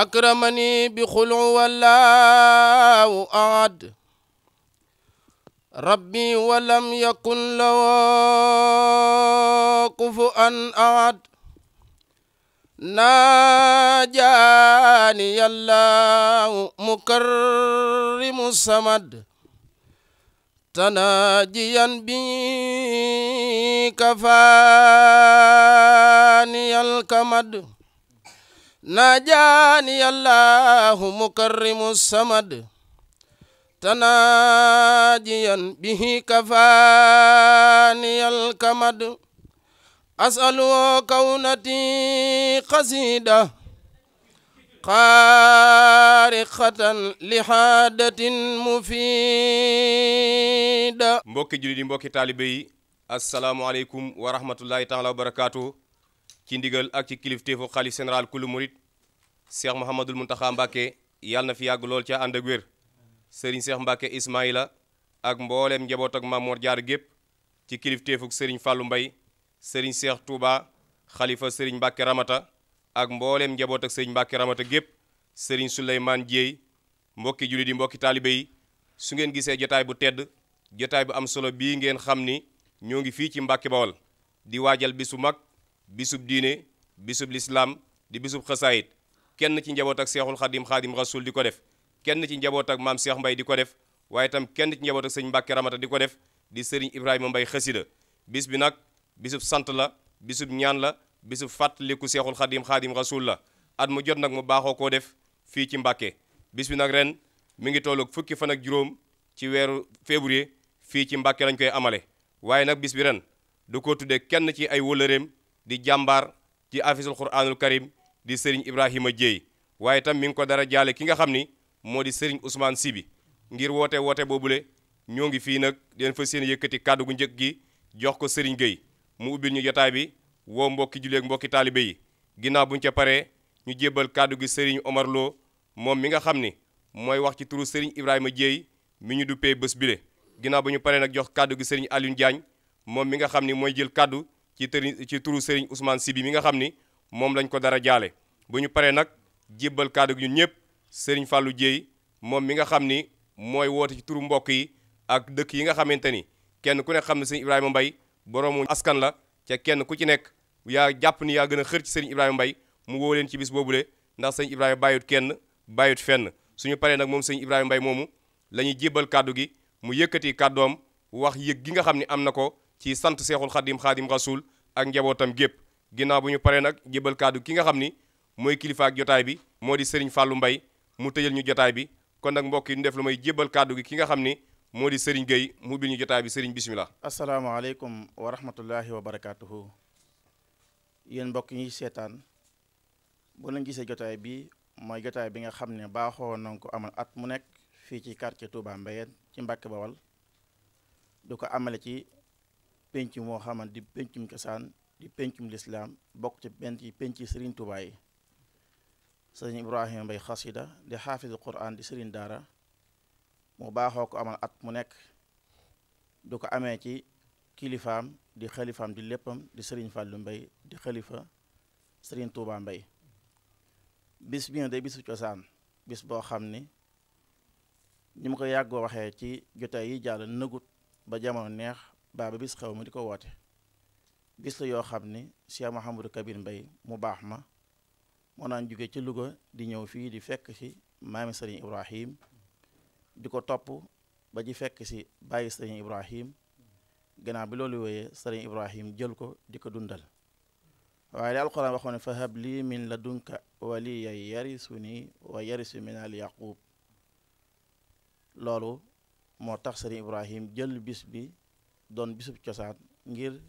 أكرمني بخلع ولا أعد ربي ولم يكن له كفوا أحد ناجاني الله مكرم الصمد تناجيا بي كفاني الكمد ناجاني الله مكرم الصمد تناجيا به كفاني الكمد أسأل كونتي قصيدة خارقة لحادة مفيدة mbokki jullit yi mbokki taalibe yi asalaamaaleykum wa rahmatullahi taala ci ndigal ak ci kilifteefu xalif général kulu murit Cheikh Mouhamadul Mountakha Mbacké yàlla na fi yàgg lool ca ànd ak wér sëriñ Cheikh Mbacké Ismaïla ak mbooleem njaboot ak Mamoor Jaar gépp ci kilifteefuk sëriñ Fàllu Mbay sëriñ Cheikh Touba xalifa sëriñ Mbacké Ramata ak mbooleem njaboot ak sëriñ Mbacké Ramata gépp sëriñ Souleymane Dieye mbokki jullit yi mbokki taalibe yi su ngeen gisee jotaay bu tedd jotaay bu am solo bii ngeen xam ni ñoo ngi fii ci Mbàkke Bawol di waajal bisu mag bisub diine bisub lislaam di bisub xasaayit kenn ci njaboot ak seexul xadim xadim rasul di ko def kenn ci njaboot ak maam Cheikh Mbay di ko def waaye itam kenn ci njaboot ak sëñ Mbàkke Ramata di ko def di sëriñ Ibrahima Mbay xasida bis bi nag bisub sant la bisub ñaan la bisub fàttaliku seexul xadim xadim rasul la at mu jot nag mu baaxoo koo def fii ci Mbàkke bis bi nag ren mi ngi tolloog fukki fan ak juróom ci weeru février fii ci Mbàkke lañ koy amale waaye nag bis bi ren du ko tuddee kenn ci ay wëlëreem di jàmbaar ci afisul quranul karim di sëriñ Ibrahima Dieye waaye tam mi ngi ko dara jaale ki nga xam ni moo di sëriñ si bi ngir woote woote boobu le ñoo ngi fii nag den fa seen yëkkati kàddu gu njëkk gi jox ko sëriñ Gueye mu ubbil ñu jotaay bi woo mbokki julleeg mbokki taalibe yi ginnaaw bu ñu ca paree ñu jébbal kàddu gi sëriñ Omar moom mi nga xam ni mooy wax ci turu sëriñ Ibrahima Dieye mi ñu duppee bés bile ginnaaw bu ñu paree nag jox kàddu gi sëriñ Alioune Diagne moom mi nga xam ni mooy jël kàddu ci tëri ci turu Serigne Ousmane Sibi mi nga xam ni moom lañu ko dara jaale bu ñu paree nag jébbal kàddu gi ñun ñëpp Serigne Fallou Dieye moom mi nga xam ni mooy woote ci turu mbokk yi ak dëkk yi nga xamante ni kenn ku ne xam ne Serigne Ibrahima mbay boroomu askan la ca kenn ku ci nekk yaa jàpp ni yaa gën a xër ci Serigne Ibrahima mbay mu woo leen ci bis boobu boobule ndax Serigne Ibrahima bàyyut kenn bàyyut fenn suñu paree nag moom Serigne Ibrahima Mbaye moomu la ñuy jébbal kàddu gi mu yëkkati kàddoom wax yëg gi nga xam ni am na ko ci sant seexul xadim xaadim rasul ak njabootam gépp ginnaaw bu ñu paree nag jébal kàddu ki nga xam ni mooy kilifa ak jotaay bi moo di sëriñ fàllu mbay mu tëjal ñu jotaay bi kon nag mbokk yi ñu def jébal kàddu gi ki nga xam ni moo di sëriñ Gueye mu bil ñu jotaay bi sëriñ bismillah asalaamaaleykum wa rahmatullahi wa barakatuhu yéen mbokk ñu seetaan bu lañ gisee jotaay bi mooy jotaay bi nga xam ne baaxoo na ko amal at mu nekk fii ci quartier Touba Mbayeen ci Mbàkke Bawal du ko amale ci penc moo xamante di pencum cosaan di pencum lislaam bokk ci penc yi penc yi sëriñ Tuubaa yi sëriñ Ibrahima Mbay xasida di xaafisu Quraan di sëriñ daara mu baaxoo ko amal at mu nekk du ko amee ci kilifaam di xalifaam di léppam di sëriñ Fàllu Mbay di xalifa sëriñ Tuubaa Mbay bis bi day bisu cosaan bis boo xam ni ñu mu ko yàggoo waxee ci jotaay yi jàll nëgut ba jamono neex baaba bis xew mi di ko woote bis la yoo xam ni Cheikh Mouhamadou Kabir mbay mu baax ma moo naan jóge ci Louga di ñëw fii di fekk ci maami Serigne Ibrahim di ko topp ba ji fekk si bàyyi Serigne Ibrahim gannaaw bi loolu wooyee Serigne Ibrahim jël ko di ko dundal waaye li alxuraan waxoon ne fa hab lii min ladunka waliya yarisu ni wa yarisu min al yaqub loolu moo tax Serigne Ibrahim jël bis bi doon bisub cosaan ngir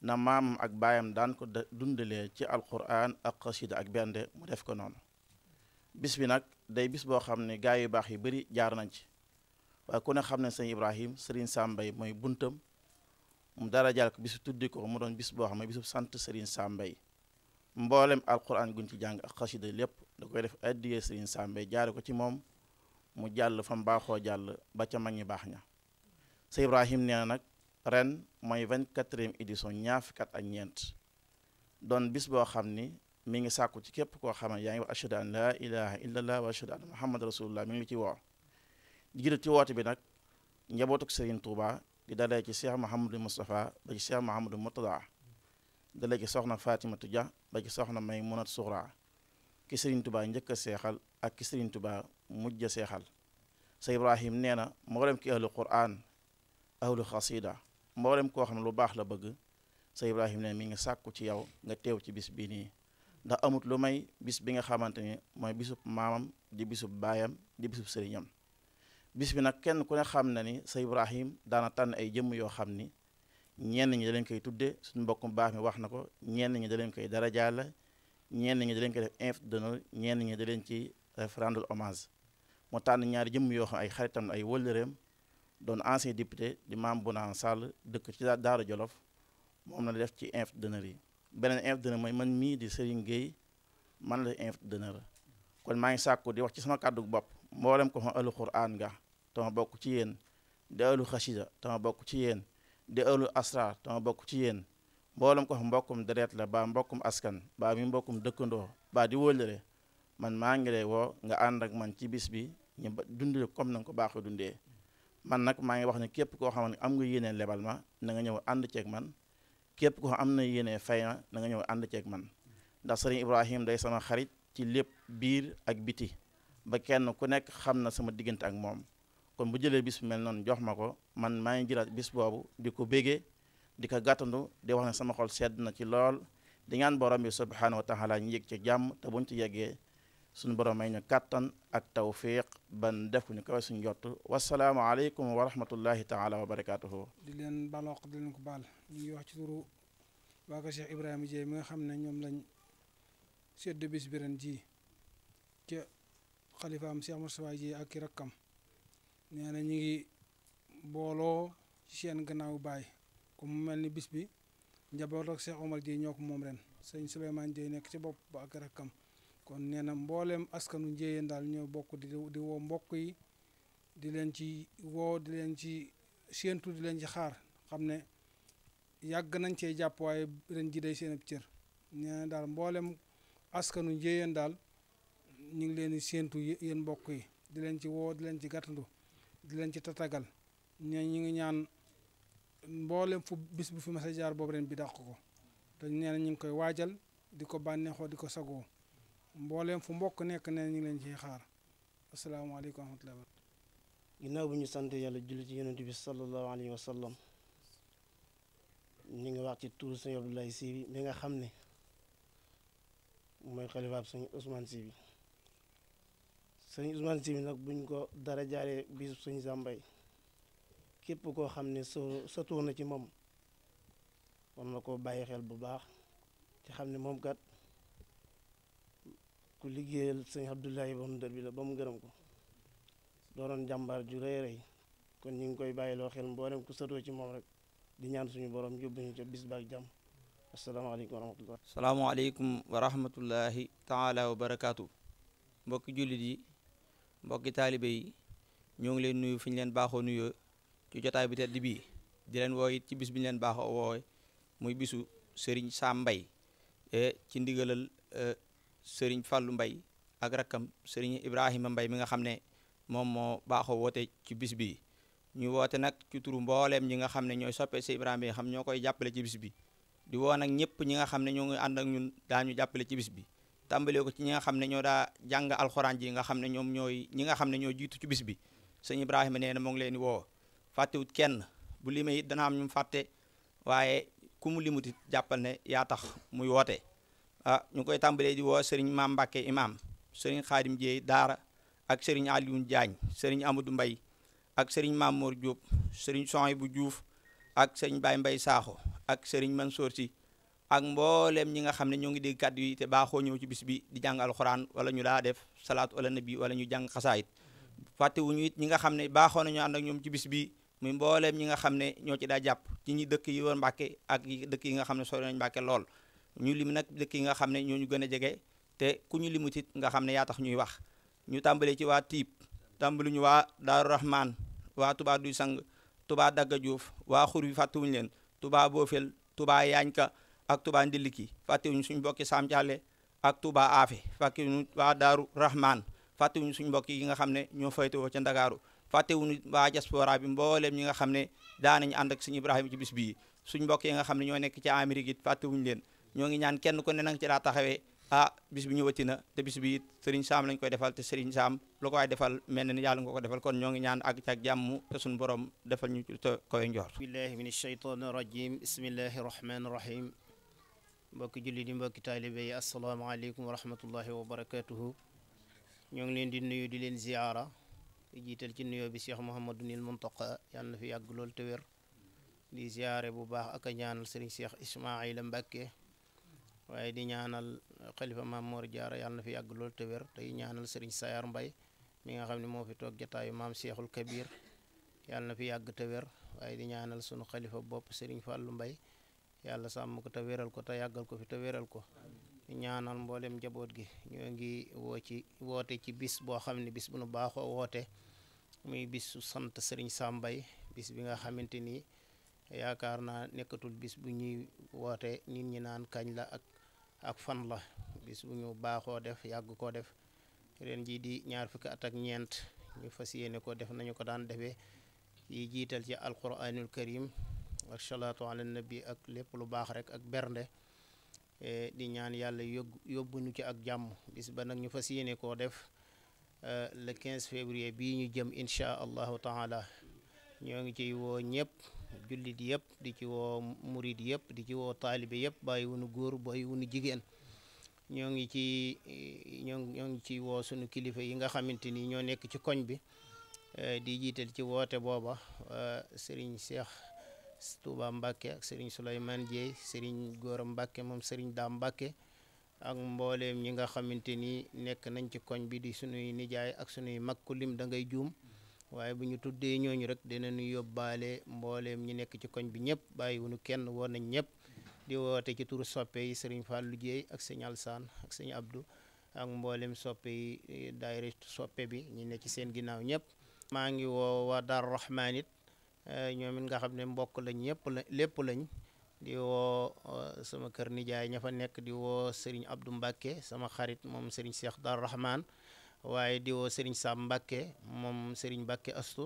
na maamam ak baayam daan ko dundalee ci alquran ak xasida ak bende mu def ko noonu bis bi nag day bis boo xam ne gaa yu baax yi bëri jaar nañ ci waaye ku ne xam ne sëñ Ibrahim sëriñ Sambay mooy buntam mu dara jàll ko bisu tuddi ko mu doon bis boo xam ne bisu sant sëriñ Sambay mboolem alquran guñ ci jàng ak xasida lépp da koy def addiyee sëriñ Sambay jaare ko ci moom mu jàll fa mbaaxoo jàll ba ca mag ñi baax ña sëñ Ibrahim nee na nag ren mooy vingt-quatrième édition ñaar ak ñeent doon bis boo xam ni mi ngi sàkku ci képp koo xam yaa ngi wax ashhadu an laa ilaha illallah wa ashhadu anna muhammad rasulullah mi ngi ci woo jiitu ci woote bi nag njabootuk Serigne Touba di dalee ci Cheikh Mouhamadou Moustapha ba ci Cheikh Mouhamadou Murtada dalee ci soxna Fatimatu Dia ba ci soxna Maymunatu Suxra ki Serigne Touba njëkk a seexal ak ki Serigne Touba mujj a seexal sa Ibrahim nee na mboolem ki ahlu Qur'an mboolem koo xam ne lu baax la bëgg sëñ Ibrahima ne mi ngi sàkku ci yow nga teew ci bis bii nii ndax amut lu may bis bi nga xamante ni mooy bisub maamam di bisub baayam di bisub sëriñam bis bi nag kenn ku ne xam na ni sëñ Ibrahima daana tànn ay jëmm yoo xam ni ñenn ñi da koy tudde suñ mbokkum baax mi wax na ko ñenn ñi da leen koy darajaal la ñenn ñi da leen koy def invité d'honneur ñenn ñi da leen ci def rendre hommage mu tànn ñaari jëmm yoo xam ay xaritam ay wëllëreem doon ancien député di Mame Bouna Sall dëkk ci Daara Jolof moom la def ci inf d'honneur yi beneen inf d'honneur mooy man mii di Serigne Gueye man la inf d'honneur kon maa ngi sàkku di wax ci sama kàddu bopp mboolem ko ma ëllu Qur'an nga tama bokk ci yéen di ëllu xasida tama bokk ci yéen di ëllu asrar tama bokk ci yéen mboolem ko xam mbokkum deret la ba mbokkum askan ba mi mbokkum dëkkandoo ba di wóllëre man maa ngi lay woo nga ànd ak man ci bis bi ñu dundale comme na nga ko baaxee dundee man nag maa ngi wax ne képp koo xam ne am nga yéene lebal ma na nga ñëw ànd ceeg man képp koo am na yéene fay ma na nga ñëw ànd ceeg man ndax sëriñ Ibrahima day sama xarit ci lépp biir ak biti ba kenn ku nekk xam na sama diggante ak moom kon bu jëlee bis bu mel noonu jox ma ko man maa ngi jëlaat bis boobu di ko bégee di ko gàttandu di wax ne sama xol sedd na ci lool di ñaan borom bi subhaanahu wa taala ñu yëg ci jàmm te buñ ci yeggee suñu borom may ñu kàttan ak tawfiq ban def ñu kawe suñu jott wasalaamaaleykum wa rahmatullahi taala wa barakaatuhu di leen baloq di leen ko baal ñu ngi wax ci turu waa ko Cheikh Ibrahima Dieye mi nga xam ne ñoom lañ sedd ji ca xalifaam Cheikh Moustapha ak ki rakkam nee na ñu ngi booloo ci seen gannaaw baay ku mu mel ni bis bi njaboot ak Cheikh Omar Dieye ñoo ko moom ren sëñ Souleymane Dieye nekk ci bopp ba ak rakkam kon nee na mbooleem askanu njéeyeen daal ñoo bokk di di woo mbokk yi di leen ci woo di leen ci séentu di leen ci xaar xam ne yàgg nañ cee jàpp waaye ren ji day seen ab cër nee daal mboolem askanu njéeyeen daal ñu ngi leen di séentu yéen mbokk yi di leen ci woo di leen ci gàttandu di leen ci tatagal ñe ñu ngi ñaan mboolem fu bis bu fi mas a jaar boobu ren bi dàq ko dañ nee na ñu ngi koy waajal di ko bànneexoo di ko sagoo mbooleem fu mbokk nekk ne ñu ngi leen ciy xaar asalaamaaleykum wa rahmatulah. ginnaaw bu ñu sant yàlla julli ci yonent bi sallallahu alayhi wa sallam ñu ngi wax ci tuur sëñ Abdoulaye Sy bi mi nga xam ne mooy xalifaab sëñ Ousmane Sy bi sëñ Ousmane bi nag buñ ko dara jaaree suñu sëñ Sàmbay képp koo xam ne sa sa tuur na ci moom war na koo bàyyi xel bu baax ci xam ne moom kat ku liggéeyal sëñ Abdoulaye ba mu dër bi la ba mu gërëm ko dooroon jàmbaar ju rëy rëy kon ñu ngi koy bàyyiloo xel mboolem ku sëtoo ci moom rek di ñaan suñu borom yóbbu ñu ca bis baak jàmm asalaamaaleykum wa rahmatullah asalaamaaleykum wa rahmatullahi taala wa barakaatu mbokki jullit yi mbokki taalibe yi ñoo ngi leen nuyu fi ñu leen baaxoo nuyoo ci jotaay bi tedd bii di leen woo it ci bis bi ñu leen baaxoo woowe muy bisu sëriñ Sam Mbaye eh, ci ndigalal eh, sëriñ Fallou Mbaye ak rakkam sëriñ Ibrahima mbay mi nga xam ne moom moo baaxoo woote ci bis bi ñu woote nag cu turu mbooleem ñi nga xam ne ñooy soppe si Ibrahima yi xam ñoo koy jàppale ci bis bi di woo nag ñëpp ñi nga xam ne ñoo ngi ànd ak ñun daañu jàppale ci bis bi tàmbalee ko ci nga xam ne ñoo daa jàng alxuraan ji nga xam ne ñoom ñooy ñi nga xam ne ñoo jiitu ci bis bi sëñ Ibrahima nee ne moo ngi leen di woo fàttewut kenn bu limee it dana am ñu fàtte waaye ku mu limutit jàppal ne yaa tax muy woote a ah, ñu koy tàmbalee di woo sëriñ maam Mbàkke imaam sëriñ Xaadim Jeey daara ak sëriñ Alioune jaañ sëriñ Amadou Mbay ak sëriñ maam Mamour Diop sëriñ bu juuf ak sëriñ baay Mbay Saaxo ak sëriñ Mansour Si ak mbooleem ñi nga xam ne ñoo ngi dégg kàddu yi te baaxoo ñëw ci bis bi di jàng alxuraan wala ñu daa def salaatu ala nabi wala ñu jàng xasaayit fàttewuñu it ñi nga xam ne baaxoo nañu ànd ak ñoom ci bis bi muy mbooleem ñi nga xam ne ñoo ci daa jàpp ci ñu dëkk yi war mbakke ak dëkk yi nga xam ne sori nañ Mbàkke lool ñu lim nag dëkk yi nga xam ne ñoo ñu gën a jege te ku ñu limutit nga xam ne yaa tax ñuy wax ñu tàmbalee ci waa Tiib tàmbali ñu waa Daaru Rahman waa Touba Duy Sang Touba Dagga Diouf waa xur bi fàttewuñu leen tubaa Boofel Touba Yaañka ak Touba Ndiliki fàttewuñu suñu mbokki Saam Jaale ak Touba Afe fàttewuñu waa Daaru Rahman fàttewuñu suñu mbokk yi nga xam ne ñoo woo ca Ndakaaru fàttewuñu waa diaspora bi mbooleem ñi nga xam ne daanañu ànd ak suñu Ibrahima ci bis bii suñu mbokk yi nga xam ne ñoo nekk ci Amérique it fàttewuñu leen ñoo ngi ñaan kenn ko ne nang ci daa taxawe ah bis bi ñëwati na te bis bi it Serigne Sam lañ koy defal te Serigne saam loo ko waay defal mel na ni yàlla nga ko defal kon ñoo ngi ñaan àgg ci ak jàmm te suñu borom defal ñu te koy njoor billahi min ashaytan rajim bismillahi rahmani rahim mbokki julli di mbokki taalibe yi asalaamaaleykum wa rahmatullahi wa barakatuhu ñoo ngi leen di nuyu di leen ziyaara di jiital ci nuyoo bi Cheikh Mouhamadou Nil Muntaqa yàlla na fi yàgg lool te wér di bu baax ak a ñaanal Serigne Cheikh Ismaila Mbacke waaye di ñaanal xalifa maam Mor Diarra yàlla na fi yàgg lool te wér tey ñaanal sëriñ Sayar Mbay mi nga xam ne moo fi toog jataayu maam Seexul Kabir yàlla na fi yàgg te wér waaye di ñaanal sunu xalifa bopp sëriñ Fàllu Mbay yàlla sàmm ko te wéral ko te yàggal ko fi te wéral ko ñaanal mboolem njaboot gi ngi woo ci woote ci bis boo xam ne bis bu nu baaxoo woote muy bisu sant sëriñ Sàmbay bis bi nga xamante ni yaakaar naa nekkatul bis bu ñuy woote nit ñi naan kañ la ak ak fan la bis bu ñu baaxoo def yàgg koo def ren jii di ñaar fukki at ak ñeent ñu fas yéene ko def nañu ko daan defee yi jiital ci alquranul karim ak salaatu ala nabi ak lépp lu baax rek ak bernde e, di ñaan yàlla yóbbu yóbbuñu ci ak jàmm bis ba nag ñu fas yéene koo def e, le 15 février bii ñu jëm incha allahu taala ñoo ngi ciy woo ñëpp jullit yëpp di ci woo murid yëpp di ci woo taalibe yëpp bàyyi wunu góor bàyyi wunu jigéen ñoo ngi ci ñoo ñoo ngi ci woo sunu kilifa yi nga xamante ni ñoo nekk ci koñ bi eh, di jiital ci woote booba eh, sëriñ Cheikh Touba Mbacke ak sëriñ Souleymane Dieye sëriñ Gora Mbacke moom sëriñ Daam Mbacke ak mbooleem ñi nga xamante ni nekk nañ ci koñ bi di sunuy nijaay ak sunuy mag ku lim da juum. waaye bu ñu tuddee ñooñu rek dina dinañu yóbbaale mbooleem ñu nekk ci koñ bi ñëpp bàyyi wuñu kenn woon nañ ñëpp di woote ci turu soppe yi sëriñ Fallou Dieye ak sëñ Alsaan ak sëñ abdu ak mbooleem soppe yi eh, daayira soppe bi ñu nekk ci seen ginnaaw ñëpp maa ngi woo waa Daaru Rahmaan it eh, ñoom nga xam ne mbokk lañ ñëpp la lépp lañ di woo eh, sama kër nijaay ña fa nekk di woo sëriñ Abdou Mbacke sama xarit moom sëriñ Cheikh Daaru Rahmaan waaye diwoo woo Serigne Sam Mbacke moom Serigne mbakke astu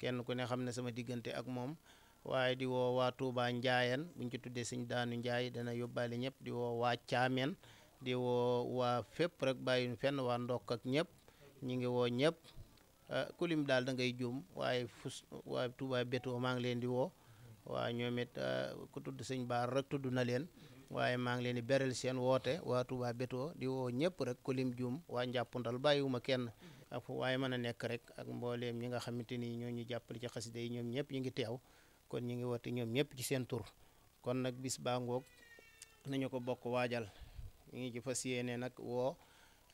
kenn ku ne xam ne sama diggante ak moom waaye di woo waa Touba Ndiayeen buñ ci tuddee Serigne Daanu Ndiaye dana yóbbaale ñëpp di woo waa caameen di woo waa fépp rek bàyyiwuñ fenn waa ndokk ak ñëpp ñu ngi woo ñëpp ah, ku daal da ngay juum waaye fus waa Touba Beto maa ngi leen di woo waa ñoom ah, ku tudd sëñ Baar rek tudd na leen waaye maa ngi leen di beral seen woote waa Touba Béto di woo ñëpp rek kolim juum waa njàppandal bàyyiwuma kenn ak fu waaye mën a nekk rek ak mbooleem ñi nga xamante ni ñoo ñu jàppale ci xasida yi ñoom ñëpp ñu ngi teew kon ñu ngi woote ñoom ñëpp ci seen kon nag bis baa nañu ko bokk waajal ñu ngi ci fas yéene nag woo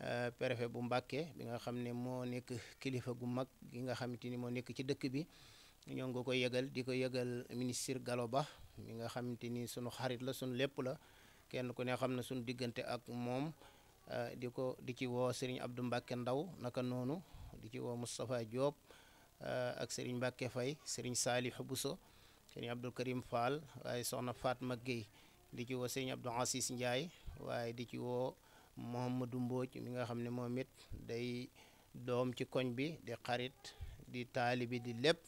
euh, préfet bu Mbàkke bi nga xam ne moo nekk kilifa gu mag gi nga xamante ni moo nekk ci dëkk bi ñoo ngi ko koy yëgal di ko yëgal ministir Galo Ba mi nga xamante ni sunu xarit la sunu lépp la kenn ku ne xam na sunu diggante ak moom eh, di ko di ci woo Serigne Abdou Mbacke Ndaw naka noonu di ci woo Moustapha Diop eh, ak Serigne Mbacke Faye Serigne Salih Bousso Serigne Abdou Karim Fall waaye soxna Fatma Gueye di ci woo Serigne Abdou Assis Ndiaye waaye di ci woo Mouhamadou Mbodj mi nga xam ne moom it day doom ci koñ bi di xarit di taali bi di lépp.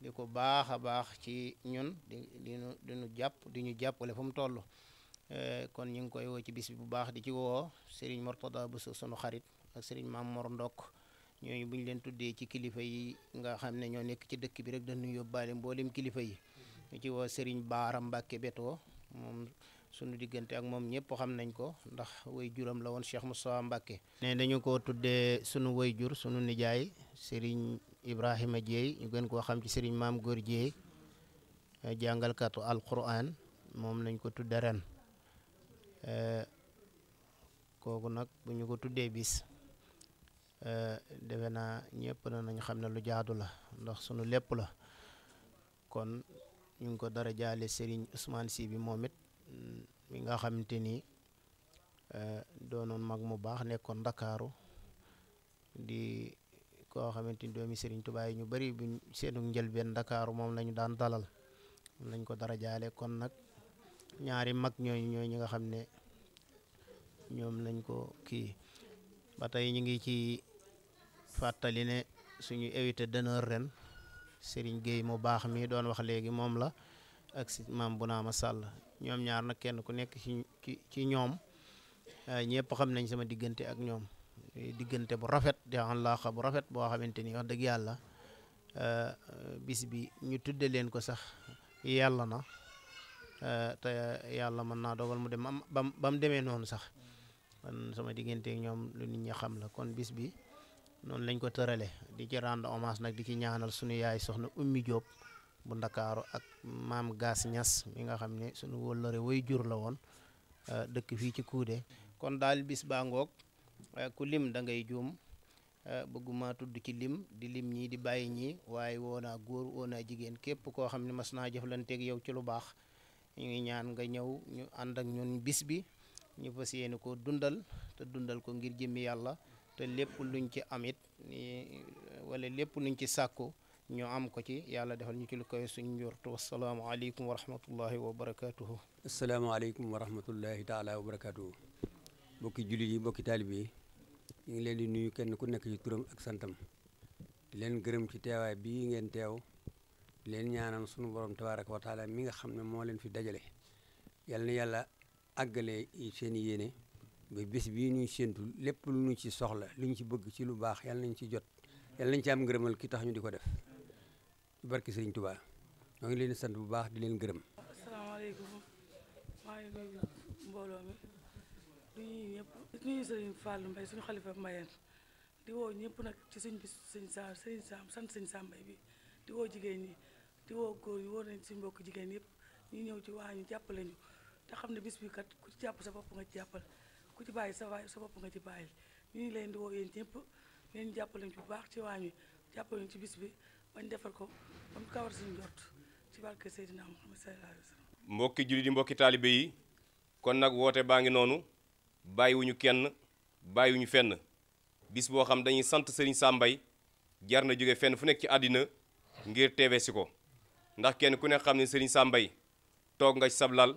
di ko baax a baax ci ñun di di nu di nu jàpp di ñu jàppale fu mu toll eh, kon ñu ngi koy woo ci bis bi bu baax di ci woo Serigne Mortada bu sunu xarit ak Serigne Maam Mor Ndokk ñooñu buñ leen tuddee ci kilifa yi nga xam ne ñoo nekk ci dëkk bi rek dañu yóbbaale mboolem kilifa yi ñu ci woo Serigne Baara Mbacke Beto moom sunu diggante ak moom ñëpp xam nañ ko ndax way juram la woon Cheikh Moustapha Mbacke ne dañu ko tuddee sunu way jur sunu nijaay sëriñ Ibrahima Dieye ñu gën koo xam ci sëriñ maam góor Dieye eh, jàngalkatu alquran moom lañ ko tudde ren eh, kooku nag bu ñu ko tuddee bis eh, defe naa ñëpp na nañ xam ne lu jaadu la ndax sunu lépp la kon ñu ngi ko dara jaale sëriñ Ousmane Sy bi moom mi nga xamante ni doonoon mag mu baax nekkoon Ndakaaru di koo xamante ni doomi Serigne Touba yi ñu bari buñ seenu njëlbeen Ndakaaru moom lañu daan dalal moom lañ ko dara jaale kon nag ñaari mag ñooñu ñooy ñi nga xam ne ñoom lañ ko kii ba tey ñu ngi ci fàttali ne suñu invité d'honneur ren Serigne Gueye mu baax mi doon wax léegi moom la ak si maam bu ma sàll ñoom ñaar nag kenn ku nekk ci ci ñoom ñëpp xam nañ sama diggante ak ñoom Eh, diggante bu rafet di àllaaxa bu rafet boo xamante ni wax dëgg yàlla eh, bis bi ñu tudde leen ko sax yàlla na eh, te yàlla mën naa dogal mu dem bam ba mu demee noonu sax kon sama diggante ñoom lu nit ñi xam la kon bis bi noonu lañ ko tërale di ci rendre hommage nag di ci ñaanal suñu yaay soxna Ummi Diop bu ndakaaru ak maam Gaas Ñas mi nga xam ne suñu wóllëre way jur la woon dëkk fii ci Kuude kon daal bis baa ngoog Eh, ku lim da ngay juum eh, bëgguma tudd ci lim di lim ñii di bàyyi ñi waaye woo naa góor woo naa jigéen képp koo xam ne mas naa jëflanteeg yow ci lu baax ñu ngi ñaan nga ñëw ñu ànd ak ñoon bis bi ñu fas yéene ko dundal te dundal ko ngir jëmmi yàlla te lépp luñ ci amit wala lépp luñ ci sàkku ñu am ko ci yàlla defal ñu ci lu koy suñ njortu wasalaamaaleykum wa rahmatullahi wa barakatuhu asalaamaaleykum wa rahmatullahi taala wa barakatuhu bokki jullit yi bokki taalib ñu ngi leen di nuyu kenn ku nekk ci turam ak santam di leen gërëm ci teewaay bii ngeen teew di leen ñaanam sunu boroom tabaaraka ak taala mi nga xam ne moo leen fi dajale yal na yàlla àggale seen yéene ba bis bii ñuy séentu lépp lu ñu ci soxla lu ñu ci bëgg ci lu baax yal nañ ci jot yal nañ ci am ngërëmal ki tax ñu di ko def ci barki Sëriñ Tuubaa ñoo ngi leen sant bu baax di leen gërëm. asalaamaaleykum maa mbooloo mi. du ñuy ñëpp du ñuy sëriñ Fallou Mbaye suñu xalifa Mbayeen di woo ñëpp nag ci suñ bis sëñ Saam sëriñ Saam sant sëñ sàmm Mbaye bi di jigéen ñi di woo góor ñi woo nañ suñ mbokk jigéen yëpp ñu ñëw ci waa ñu jàppale te xam ne bis bi kat jàpp sa bopp nga ci jàppal ku ci bàyyi sa waay sa bopp nga ci bàyyi ñu ngi leen di woo yéen ñëpp ngeen bu baax ci waa ñu jàppale ñu ci bis bi bañ defal ko ba mu kawar ci barke Seydina Muhammad sallallahu alayhi wa sallam mbokki jullit yi mbokki taalibe yi kon nag woote baa ngi noonu bàyyiwuñu kenn bàyyiwuñu fenn bis boo xam dañuy sant Serigne sambay jar na jóge fenn fu nekk ci àddina ngir teewe si ko ndax kenn ku ne xam ne Serigne sambay toog nga ci sab lal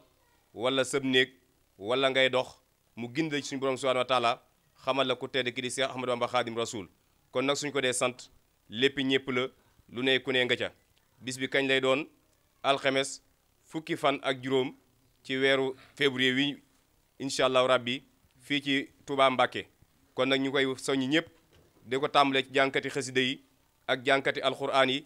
wala sab néeg wala ngay dox mu gindal ci suñu borom subhanahu wa taala xamal la ku tedd ki di Cheikh Ahmadou Bamba Khadim Rasoul kon nag suñ ko dee sant lépp ñëpp la lu nekku ne nga ca bis bi kañ lay doon alxames fukki fan ak juróom ci weeru février wi incha allahu rabbi fii ci Touba Mbacké kon nag ñu koy soññ ñëpp di ko tàmbalee ci jànkati xasida yi ak jànkati alxuraan yi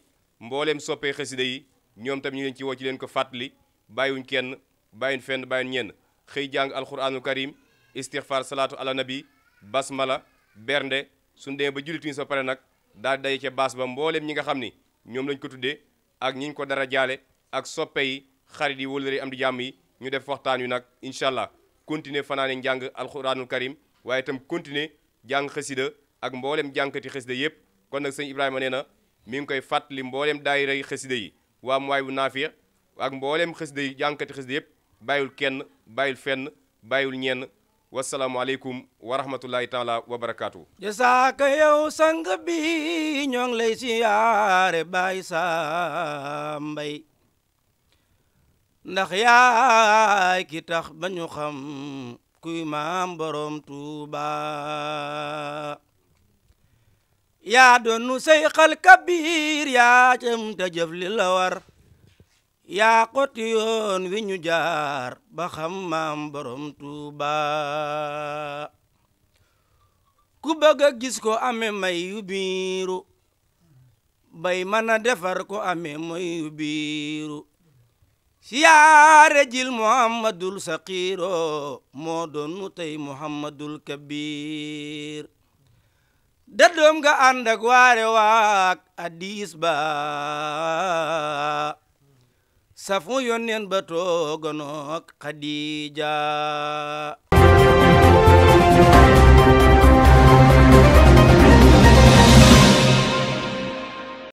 mbooleem soppee xasida yi ñoom tam ñu leen ci woo ci leen ko fàttali bàyyiwuñ kenn bàyyiwuñ fenn bàyyiwuñ ñenn xëy jàng alxuraanul karim istixfar salaatu ala nabi basmala bernde suñ demee ba jullituñ sa pare nag daal daje ca baas ba mbooleem ñi nga xam ni ñoom lañ ko tuddee ak ñi ñu ko dara jaale ak soppe yi xarit yi wëllëre am di jàmm yi ñu def waxtaan wi nag incha allah continuer fanaane njàng alxuraanul karim waaye tam continuer jàng xasida ak mboolem jàngkati xasida yëpp kon nag sëñ Ibrahima nee na mi ngi koy fàttali mboolem daayira yi xasida yi waa Mawaahibu Naafi ak mboolem xasida yi jàngkati xasida yëpp bàyyul kenn bàyyul fenn bàyyul ñenn wasalaamualeykum wa rahmatullahi taala wa barakaatu. jasaaka yow sang bi ñoo lay siyaare Baay Sam Mbay ndax yaay ki tax ba ñu xam kuy maam borom tuuba yaa doon nu say xal kabiir yaa cam te jëf li la war yaa xoti yoon wi ñu jaar ba xam maam borom tuuba ku bëgg a gis ko amee may yu biiru bay mën a defar ko amee may yu biiru siyaare jil muhammadul saqiiro moo doonu tey muhammadul kabiir daddoom ga ànd ak waare waak hadiis ba safu yonneen ba tooganook xadiija